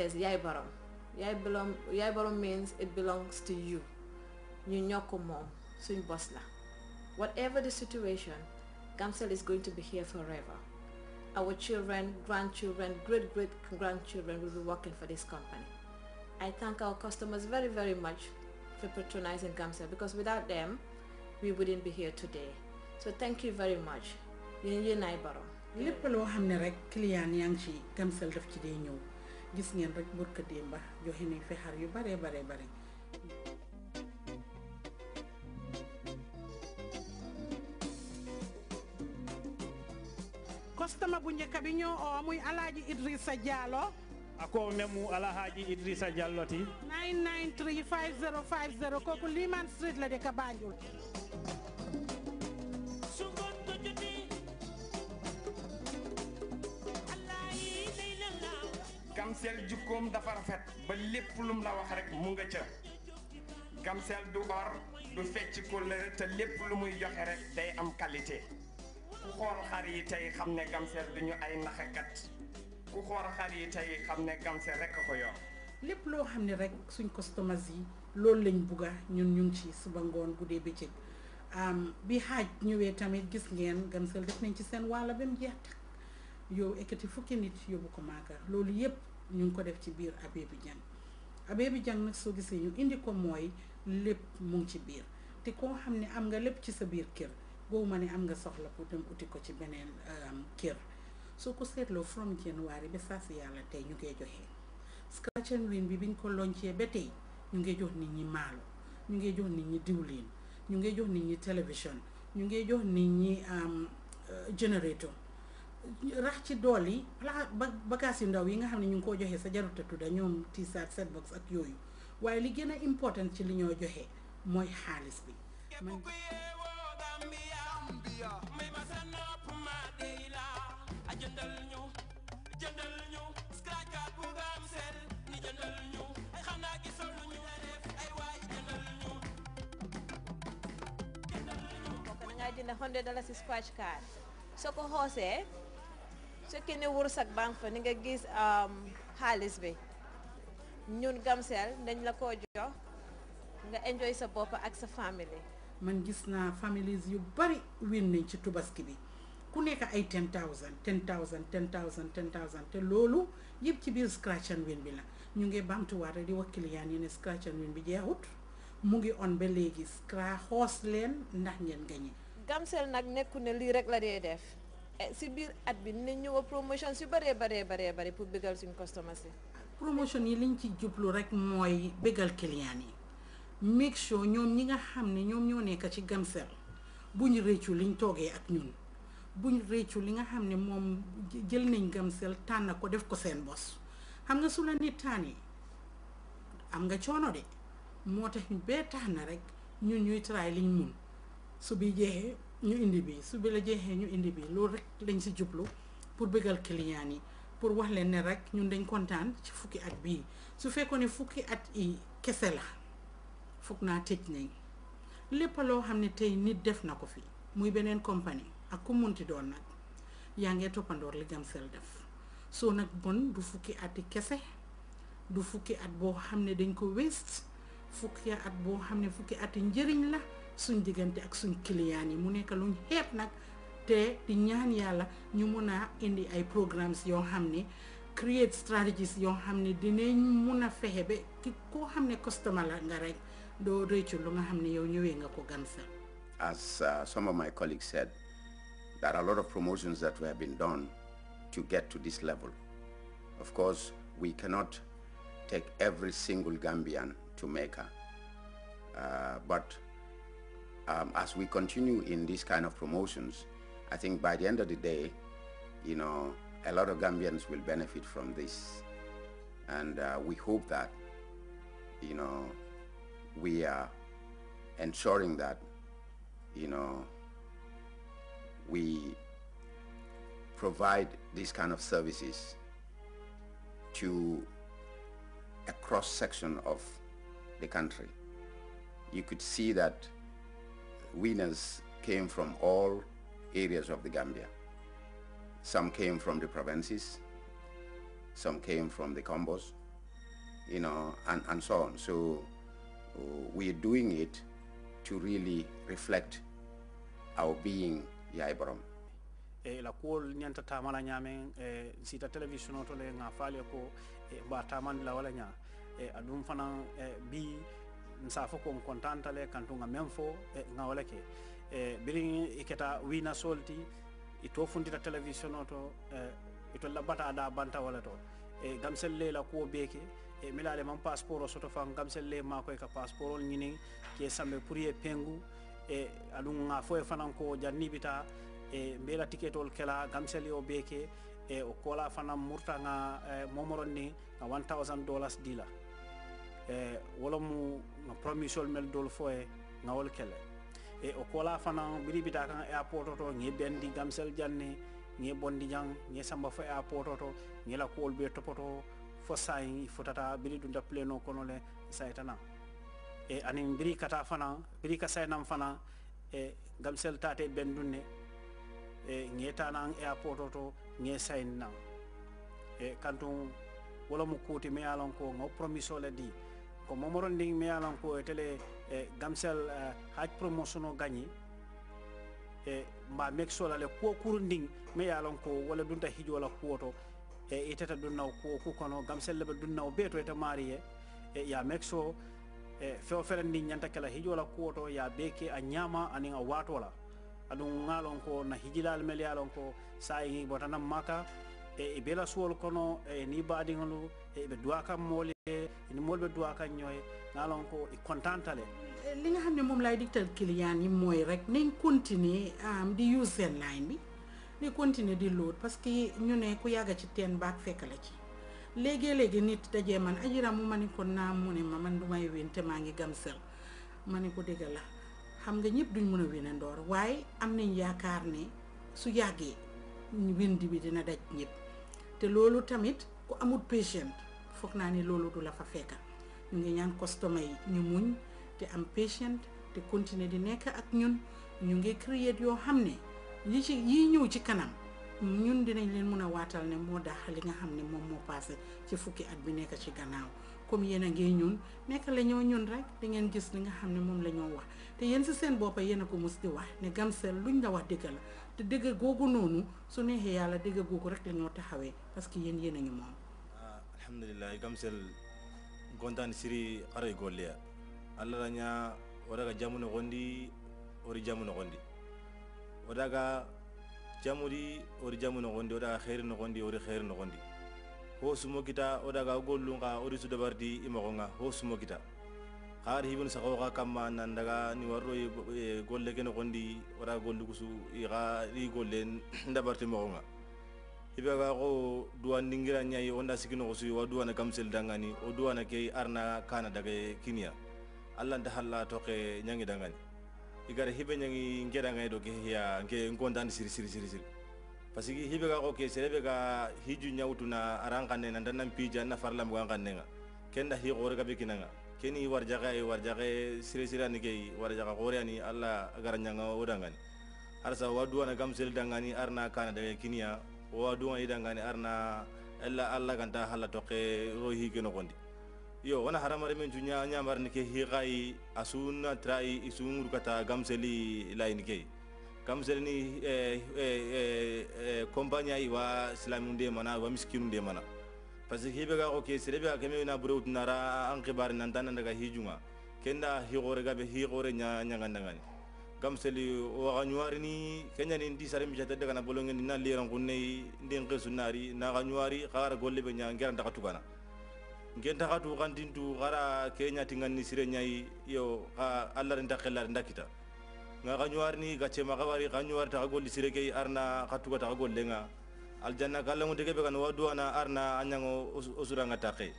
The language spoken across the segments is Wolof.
says Yai Barom. Yai, belong, Yai Barom means it belongs to you. You nyoko mom, suñ boss la. Whatever the situation, Gamsel is going to be here forever. Our children, grandchildren, great-great-grandchildren will be working for this company. I thank our customers very, very much for patronizing Gamsel because without them, we wouldn't be here today. So thank you very much. yéen yéen barom. lépp rek client yaa ci Gamcel daf ci ñëw. gis ngeen rek burka démba joxe nañ fi xar yu bare bare bare customer bu njëkk bi ñoo oo muy alaaji Idrissa Diallo ako memu alhaji Idrissa Diallo ti 9935050 kooku Liman Street la dëkk Banjul Gamsel jukkoom dafa rafet ba lépp lum la wax rek mun nga ca Gamsel du or du fecc kóllëre te lépp lu muy joxe rek day am qualité ku xool xar yi tey xam ne Gamsel duñu ay naxakat ku xool xar yi tey xam ne Gamsel rek a ko yor. lépp loo xam ne rek suñ customers yi loolu lañ bugga ñun ñu ngi ci suba ngoon guddee bëccëg bi xaaj ñëwee tamit gis ngeen Gamcel def nañ ci seen wàll ba mu jeex yow ekkati fukki nit yóbbu ko màggal loolu yépp ñu ngi ko def ci biir Ababy Dieng Ababy Dieng nag soo gisee ñu indi ko mooy lépp mu ngi ci biir te koo xam ne am nga lépp ci sa biir kër googu ma ne am nga soxla pour uti ko ci beneen kër soo ko seetloo from January ba saa si yàlla tey ñu ngi joxe scratch and win bi biñ ko loncee ba tey ñu ngi jox nit ñi maalo ñu ngi jox nit ñi diwlin ñu ngi jox nit ñi télévision ñu ngi jox nit ñi générateur rax ci dool yi ba bagaas yu ndaw yi nga xam ne ñu ngi koo joxee sa jaruta tudda ñoom tiisaat set box ak yooyu waaye li gën a important ci li ñoo joxe mooy xaalis bi la a nga jënd hundred dalasi scratch card soo ko xoosee fekkee ne wërsëg banque fa ni nga gis um, xaalis bi ñun Gamcel dañ la ko jox nga enjoy sa bopp ak sa famille. man gis na families yu bari win nañ ci tubaski bi ku nekk ay ten thousand ten thousand ten thousand ten thousand te loolu yëpp ci biir scratch and win bi la ñu ngi bamtuwaat rek di wax client yi ne scratch and win bi jeexut mu ngi on ba léegi scratch xoos leen ndax ngeen gañe Gamcel nag nekku ne lii rek la dee def Eh, si biir at bi ne ñëwa promotion si bëree bëree bëree bëri pour bégal suñ customers yi promotion yi liñ ci jublu rek mooy bégal client yi make sure ñoom ñi nga xam ne ñoom ñoo nekk ci Gamcel buñ réccu liñ toogee ak ñun buñ réccu li nga xam ne moom jël nañ Gamcel tànn ko def ko seen bos xam nga su la nit tànnee am nga coono de moo tax bee tànn rek ñun ñuy try liñ mun su bi jeexee ñu indi bi su bi la jeexee ñu indi bi loolu rek lañ si jublu pour bëggal client yi pour wax leen ne rek ñun dañ kontaan ci fukki at bii su fekkoon ne fukki at yi kese la foog naa tëj nañ lépp loo xam ne tey nit def na ko fi muy beneen compagnie ak ku munti doon nag yaa ngee toppandoor li sel def soo nag bon du fukki at yi kese du fukki at boo xam ne dañ ko waste fukki at boo xam ne fukki at yi njëriñ la suñ ak suñ client yi mu nekk luñ xeeb nag te di ñaan yàlla ñu mun a indi ay programmes yoo xam ne create strategies yoo xam ne dinañ mun a fexe ba ki koo xam ne customer la nga rek doo réccu lu nga xam ne yow ñëwee nga ko gan sa As uh, some of my colleagues said, there are a lot of promotions that have been done to get to this level. Of course, we cannot take every single Gambian to Mecca, uh, but um, as we continue in these kind of promotions, I think by the end of the day, you know, a lot of Gambians will benefit from this. And uh, we hope that, you know, we are ensuring that, you know, we provide these kind of services to a cross section of the country. You could see that winners came from all areas of the Gambia. Some came from the provinces, some came from the combos, you know, and, and so on. So uh, we're doing it to really reflect our being Yaiborom. e eh, la kuol ñanta tamala ñamen e eh, sita television to le nga faale ko e eh, ba tamandila wala ñaa e adum fana e bi sa fo kon contanta le kantunga men fo e eh, ŋawole ke e eh, birin i keta wina solti i to fundita télévision oto eh, to e to labbata da banta wala to e gamsel le la ko beke e milale man passeport soto fan gamsel le ma e ka passeport on ñiniŋ ke sambe pour ye pengu e aɗum nga fo e fanan ko jannibita e mbela ticketol kela gamsel yo beke e o kola fanan murta nga momoron ni 1000 dollars dila e wolomu no promisol mel dol fo e ŋawol kele e o kola fana biribita kan airport oto ŋe bendi gamsel janne ŋe bondi jang ŋe samba fo airport oto ŋela kuwol be topoto fo sayi i fotata biridu dappuleno kono le saytana e anin biri kata fana biri ka saynam fana e gamsel tate bendunne e ŋe tanan airport oto ŋe sayni nan e kantum wolomu kuuti meyalon ko ŋaw promisole di ko momoron ndin meyalanko e télé e gamsel e haaj promotion o gagné e ma mek solale kuwo kuru ndin meyalanko walla dunta hijo walla kuwo to e itata dunnaw kuwo kukono gamsel leɓa dunnaw ɓe to ete marie e ya mek so e fewo feren ndin ñanta kela hijo walla kuwo to ya beke a ñama anin a watola aɗum ngalon ko na hijilal mel yalon ko sa yi bo tanan maka e i bela suwol kono e ni baadiŋolu e ɓe duwa kam mooli ene moolu nga lon ko i contantale eh, li nga xam ne moom laay digtal kiliyaan yi mooy rek nañ continuer di use seen line bi di continuer di load parce que ñu ne ku yàgga ci teen baak fekk la ci léegi-léegi nit dajee man ajira mu ma ni ko naa mu ne ma man du may te maa ngi gamsel ma ni ko dégg la xam nga ñëpp duñ mën a win waaye am nañ yaakaar ne su yàggee win bi dina daj ñëpp te loolu tamit ku amul patient foog naa ni loolu du la fa fekka ñu ngi ñaan customer yi ñu muñ te am patient te continuer di nekk ak ñun ñu ngi créer yoo xam ne li ci yii ñëw ci kanam ñun dinañ leen mën a waatal ne moo daax li nga xam ne moom moo passé ci fukki at bi nekk ci gannaaw comme yéen a ngee ñun nekk la ñoo ñun rek di ngeen gis li nga xam ne moom la ñoo wax te yéen si seen boppa yéen a ko mus di wax ne Gamcel luñ la wax dëgg la te dëgg googu nonu su neexee yalla dëgg googu rek la ñoo taxawee parce que yeen yeen a mom alhamdullilah alhamdulillah gamsel gontane siri aray golleya allah raña oɗaga jamu no gondi ori jamu no gondi oɗaga jamuri ori jamu no gondi oɗaga heeri no gondi ori heeri no gondi ho sumo kita oɗaga gollunga ori imago nga ho sumo kita xaar hibun saxoxa kamma nan ga ni warro e, e, golle ke noxondi wara gollugusu ixa e i gollen ndabarti moxonga ibaga xo duwandingira ñayi onda sikinoxosuyi wa duwana kam seldangani o na ke arna kana daga kinia kiniya nda halla to ke nyangi toxe ñangidangani igara hibe ñangi nga do ke ya hiya ngonda ni siri siri siri siri parce que hibe ga ko ke serebe ga hiju ñawtuna aranga ne nda nan pija na farlamugan ga ken kenda hi gore ga be kinanga keni warjaga e warjaga e sire sire ani kei warjaga gore ani alla agar nyanga odangani arsa wadu ana gamsel dangani arna kana de kiniya wadu ani dangani arna alla alla ganta halla toke rohi geno gondi yo wana haramare men junya nyamar ni ke higai asunna trai isungur kata gamseli lain kei gamsel ni eh eh eh, eh kompanya iwa islamunde mana wa miskinunde mana parce que hibe ga sere be akeme na bure utna an khibar nan tan daga hijunga kenda hi gore ga hi gore nya nya ngandanga ni kam seli wa ga ni kenya ni ndi sare mi daga na bolongen na liran kunne ndi ngesunari na ga khara golle be nya ngeran daga tugana ngenta ga tu kan khara kenya tingan sire nyai yo ka allah rinda khella rinda kita nga ga ni ga chema ga ta golli sire kei arna khatuga ta gollenga aljanna kallangu tekebe kani waduwa na arna anyango usuranga take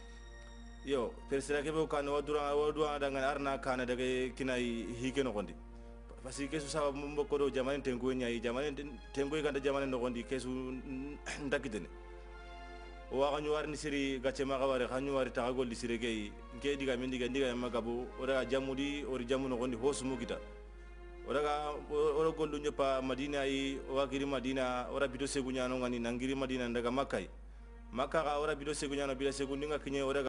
yo persira kebe kani waduwa waduwa dangani arna kana daga kina hike nokondi parce que kesu saba mbo jamane jamani tengu e nyai jamani tengu jamane e jamani kesu ndakidene wa kanyu warni siri gache maga ware kanyu wari tagagol disire gei ngedi ga mindi diga ndiga yamma gabu ora jamudi ori jamu nokondi hosumu kita oraga ora gollu nyopa madina yi owa madina ora bido segu nyano ngani nangiri madina ndaga makai maka ga ora bido segu nyano bila segu ninga kinye ora